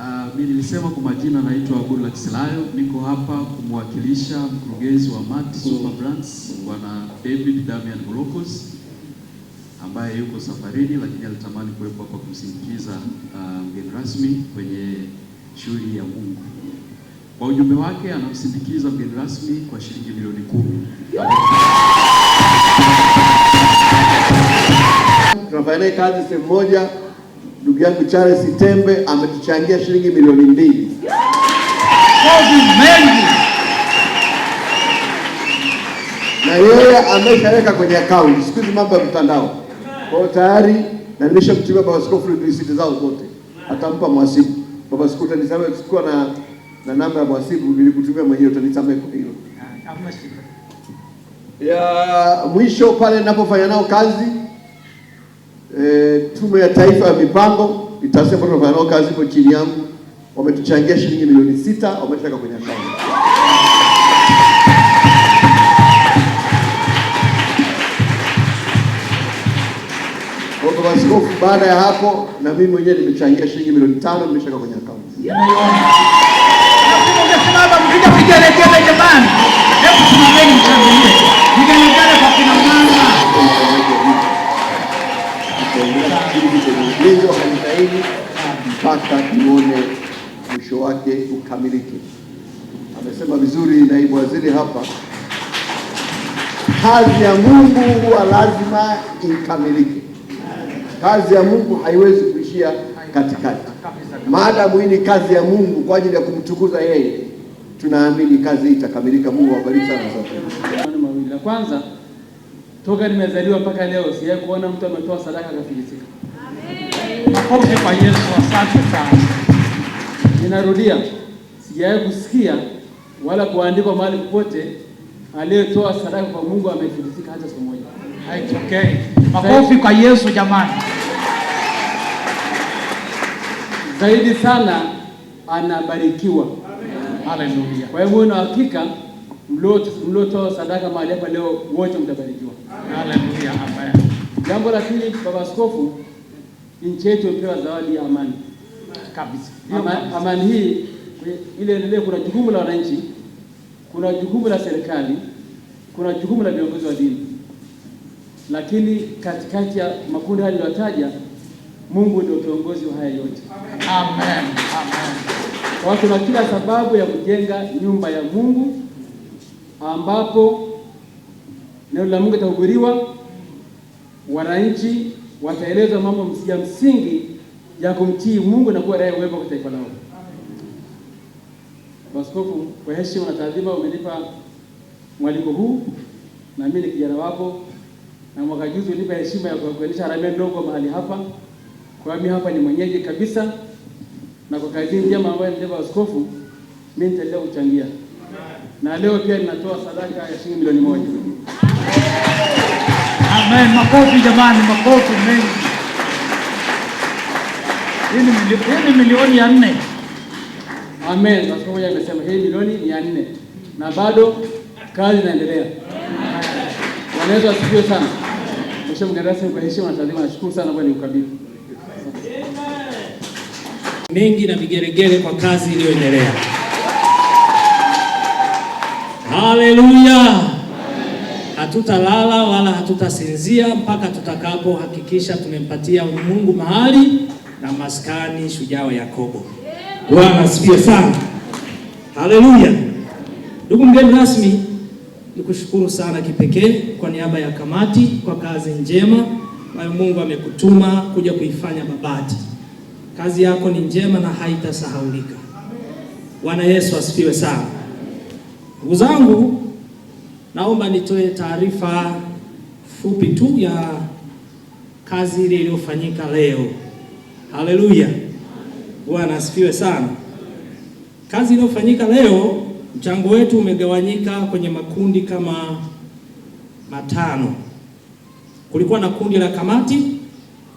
Uh, ah, mi nilisema kwa majina naitwa Goodluck Silayo, niko hapa kumwakilisha mkurugenzi wa MAT Super Brands Bwana David Damian Golokos ambaye yuko safarini, lakini alitamani kuwepo hapa kumsindikiza uh, mgeni rasmi kwenye shughuli ya Mungu. Kwa ujumbe wake anamsindikiza mgeni rasmi kwa shilingi milioni kumi. Tunafanya kazi sehemu moja ndugu yangu Charles Tembe ametuchangia shilingi milioni mbili Kazi mengi na yeye ameshaweka kwenye akaunti. Siku hizi mambo ya mtandao kwao tayari, na nimeshamtumia baba askofu risiti zao zote, atampa mwasibu baba askofu. Utanisame kuwa na na namba ya mwasibu, nilikutumia mwenyewe, utanisame kwa hilo ah, ya mwisho pale ninapofanya nao kazi E, Tume ya Taifa ya Mipango itasema tunafanya nao kazi kwa chini yangu, wametuchangia shilingi milioni sita wametaka kwenye akaunti. Askofu, baada ya hapo na mimi mwenyewe nimechangia shilingi milioni tano nimeshaka kwenye akaunti. kamilike. Amesema vizuri naibu waziri hapa, kazi ya Mungu huwa lazima ikamiliki. Kazi ya Mungu haiwezi kuishia katikati. Maadamu hii ni kazi ya Mungu kwa ajili ya kumtukuza yeye, tunaamini kazi hii itakamilika. Mungu awabariki sana. Mawili, la kwanza, toka nimezaliwa mpaka leo sijawahi kuona mtu ametoa sadaka akafilisika. Amen. kwa Yesu. Asante sana, ninarudia sijawahi kusikia wala kuandikwa mahali popote aliyetoa sadaka kwa Mungu amefilisika hata siku moja. Okay. Makofi kwa Yesu jamani. Zaidi sana anabarikiwa. Haleluya. Kwa hiyo na hakika mliotoa sadaka mahali hapa leo wote mtabarikiwa. Haleluya. Amen. Jambo la pili, baba askofu, nchi yetu imepewa zawadi ya amani kabisa. Amani hii ile endelee. Kuna jukumu la wananchi, kuna jukumu la serikali, kuna jukumu la viongozi wa dini, lakini katikati ya makundi hayo niliyotaja, Mungu ndio kiongozi wa haya yote. Amen. Amen. Kwa tuna kila sababu ya kujenga nyumba ya Mungu ambapo neno la Mungu litahubiriwa, wananchi wataelezwa mambo ya msingi ya kumtii Mungu na kuwa raia wema kwa taifa lao. Askofu, kwa heshima na taadhima umenipa mwaliko huu, na mimi ni kijana wako, na mwaka juzi unipa heshima ya kuendesha harambee ndogo mahali hapa. Kwa mimi hapa ni mwenyeji kabisa, na kwa kazi njema ambayo nilipa askofu, mimi nitaendelea kuchangia, na leo pia ninatoa sadaka ya shilingi milioni moja. Amen, makofi jamani, makofi mengi. Hii ni milioni ya nne. Amen. Watu mmoja amesema hii milioni ya nne na bado kazi inaendelea. Bwana Yesu asifiwe sana. Mheshimiwa mgeni kwa heshima na taadhima, nashukuru sana kwa ukabidhi mengi na vigeregere kwa kazi iliyoendelea. Haleluya! Hatutalala wala hatutasinzia mpaka tutakapohakikisha tumempatia Mungu mahali na maskani shujaa wa Yakobo. Bwana asifiwe sana, haleluya. Ndugu mgeni rasmi, nikushukuru sana kipekee kwa niaba ya kamati kwa kazi njema ambayo Mungu amekutuma kuja kuifanya Babati. Kazi yako ni njema na haitasahaulika. Bwana Yesu asifiwe sana. Ndugu zangu, naomba nitoe taarifa fupi tu ya kazi ile iliyofanyika leo. Haleluya. Bwana asifiwe sana. Kazi inayofanyika leo, mchango wetu umegawanyika kwenye makundi kama matano. Kulikuwa na kundi la kamati,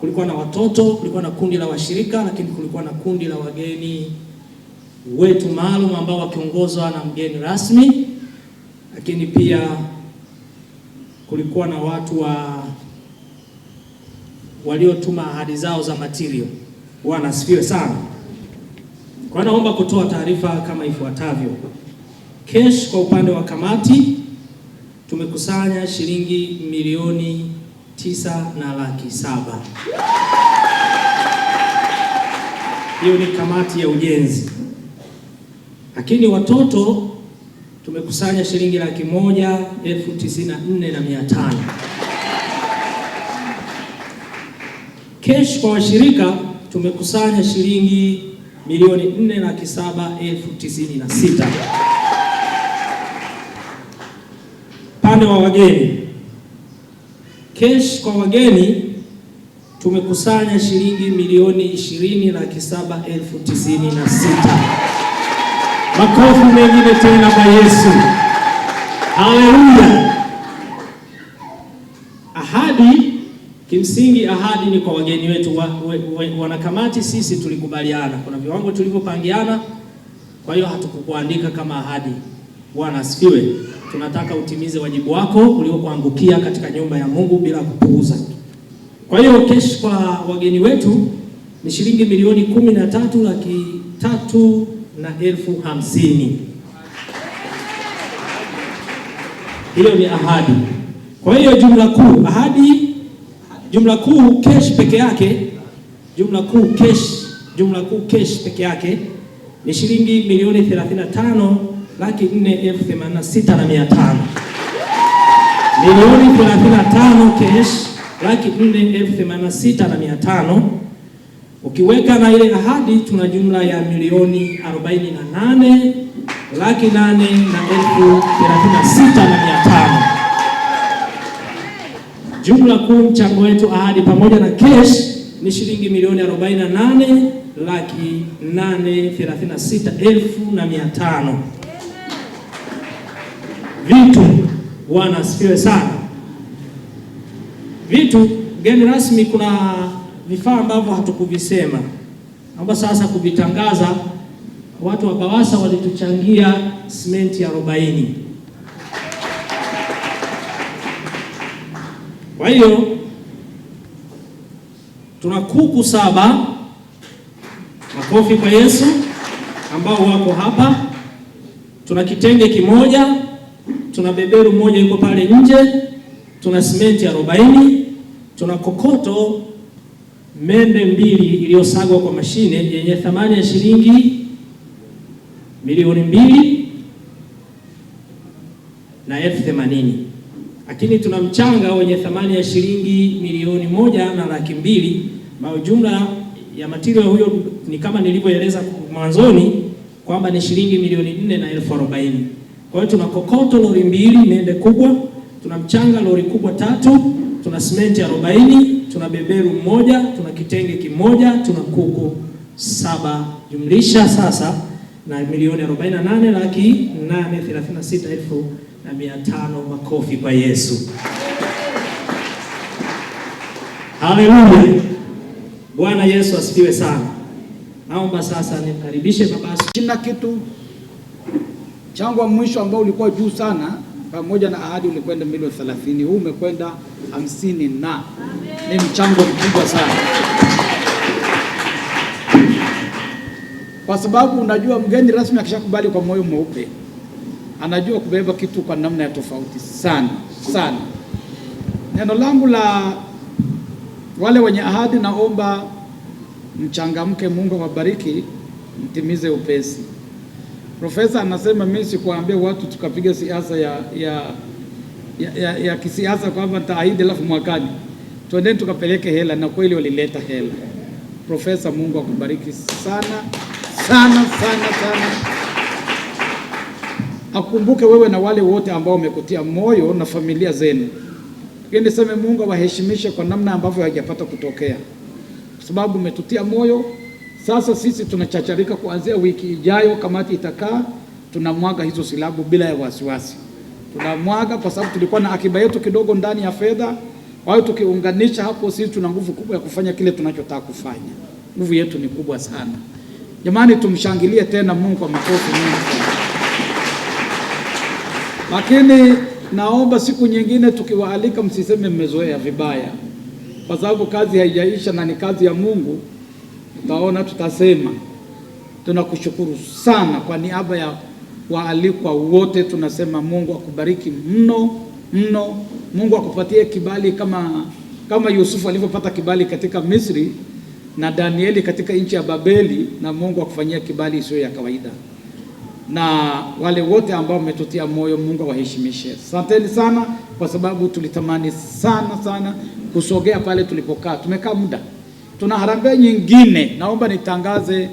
kulikuwa na watoto, kulikuwa na kundi la washirika, lakini kulikuwa na kundi la wageni wetu maalum ambao wakiongozwa na mgeni rasmi, lakini pia kulikuwa na watu wa waliotuma ahadi zao za material. Bwana asifiwe sana. Kwa naomba kutoa taarifa kama ifuatavyo. Kesh kwa upande wa kamati tumekusanya shilingi milioni tisa na laki saba. Hiyo ni kamati ya ujenzi, lakini watoto tumekusanya shilingi laki moja elfu tisini na nne na mia tano. Kesh kwa washirika tumekusanya shilingi milioni nne laki saba elfu tisini na sita. Upande wa wageni, kesh kwa wageni tumekusanya shilingi milioni ishirini laki saba elfu tisini na sita. Makofi mengine tena kwa Yesu, haleluya! ahadi Kimsingi ahadi ni kwa wageni wetu wa, we, we, wanakamati sisi tulikubaliana, kuna viwango tulivyopangiana. Kwa hiyo hatukukuandika kama ahadi. Bwana asifiwe. Tunataka utimize wajibu wako uliokuangukia katika nyumba ya Mungu bila kupuuza. Kwa hiyo kesh kwa wageni wetu ni shilingi milioni kumi na tatu laki tatu na elfu hamsini. Hiyo ni ahadi. Kwa hiyo jumla kuu ahadi Jumla kuu cash peke yake, jumla kuu cash, jumla kuu cash peke yake ni shilingi milioni 35 laki 4 elfu 86 na mia milioni 35 cash laki 4 elfu 86 na mia ukiweka na ile ahadi tuna jumla ya milioni 48 laki 8 na elfu 36 na mia Jumla kuu mchango wetu ahadi pamoja na cash ni shilingi milioni 48 laki 836 elfu na mia tano. Vitu bwana sifiwe sana. Vitu geni rasmi, kuna vifaa ambavyo hatukuvisema, naomba sasa kuvitangaza. Watu wa Bawasa walituchangia simenti 40 Kwa hiyo tuna kuku saba, makofi kwa Yesu, ambao wako hapa. Tuna kitenge kimoja, tuna beberu moja yuko pale nje, tuna simenti arobaini, tuna kokoto mende mbili iliyosagwa kwa mashine yenye thamani ya shilingi milioni mbili na elfu themanini lakini tuna mchanga wenye thamani ya shilingi milioni moja na laki mbili ambayo jumla ya material huyo ni kama nilivyoeleza mwanzoni kwamba ni shilingi milioni nne na elfu arobaini. Kwa hiyo tuna kokoto lori mbili nende kubwa, tuna mchanga lori kubwa tatu, tuna simenti arobaini, tuna beberu mmoja, tuna kitenge kimoja, tuna kuku saba jumlisha sasa na milioni arobaini na nane laki nane thelathini na sita elfu na mia tano. Makofi kwa Yesu! Haleluya! Bwana Yesu asifiwe sana. Naomba sasa nimkaribishe baba. Sina kitu changu mwisho ambao ulikuwa juu sana pamoja na ahadi ulikwenda milioni 30, huu umekwenda 50 na ni mchango mkubwa sana, kwa sababu unajua mgeni rasmi akishakubali kwa moyo mweupe anajua kubeba kitu kwa namna ya tofauti sana sana. Neno langu la wale wenye ahadi, naomba mchangamke, Mungu awabariki, mtimize upesi. Profesa anasema mimi sikuambia watu tukapiga siasa ya, ya, ya, ya, ya kisiasa kwamba nitaahidi alafu mwakani twendeni tukapeleke hela, na kweli walileta hela. Profesa, Mungu akubariki sana sana sana sana. Akumbuke wewe na wale wote ambao wamekutia moyo na familia zenu. Lakini niseme Mungu awaheshimishe kwa namna ambavyo haijapata kutokea, kwa sababu umetutia moyo. Sasa sisi tunachacharika, kuanzia wiki ijayo kamati itakaa, tunamwaga hizo silabu bila ya wasiwasi. Tunamwaga kwa sababu tulikuwa na akiba yetu kidogo ndani ya fedha. Kwa hiyo tukiunganisha hapo, sisi tuna nguvu kubwa ya kufanya kile tunachotaka kufanya. Nguvu yetu ni kubwa sana, jamani, tumshangilie tena Mungu kwa makofi mengi. Lakini naomba siku nyingine tukiwaalika, msiseme mmezoea vibaya, kwa sababu kazi haijaisha na ni kazi ya Mungu. utaona tutasema. Tunakushukuru sana kwa niaba ya waalikwa wote, tunasema Mungu akubariki mno mno. Mungu akupatie kibali kama kama Yusufu alivyopata kibali katika Misri na Danieli katika nchi ya Babeli, na Mungu akufanyia kibali isiyo ya kawaida na wale wote ambao wametutia moyo, Mungu awaheshimishe. Asanteni sana, kwa sababu tulitamani sana sana kusogea pale tulipokaa. Tumekaa muda, tuna harambee nyingine. Naomba nitangaze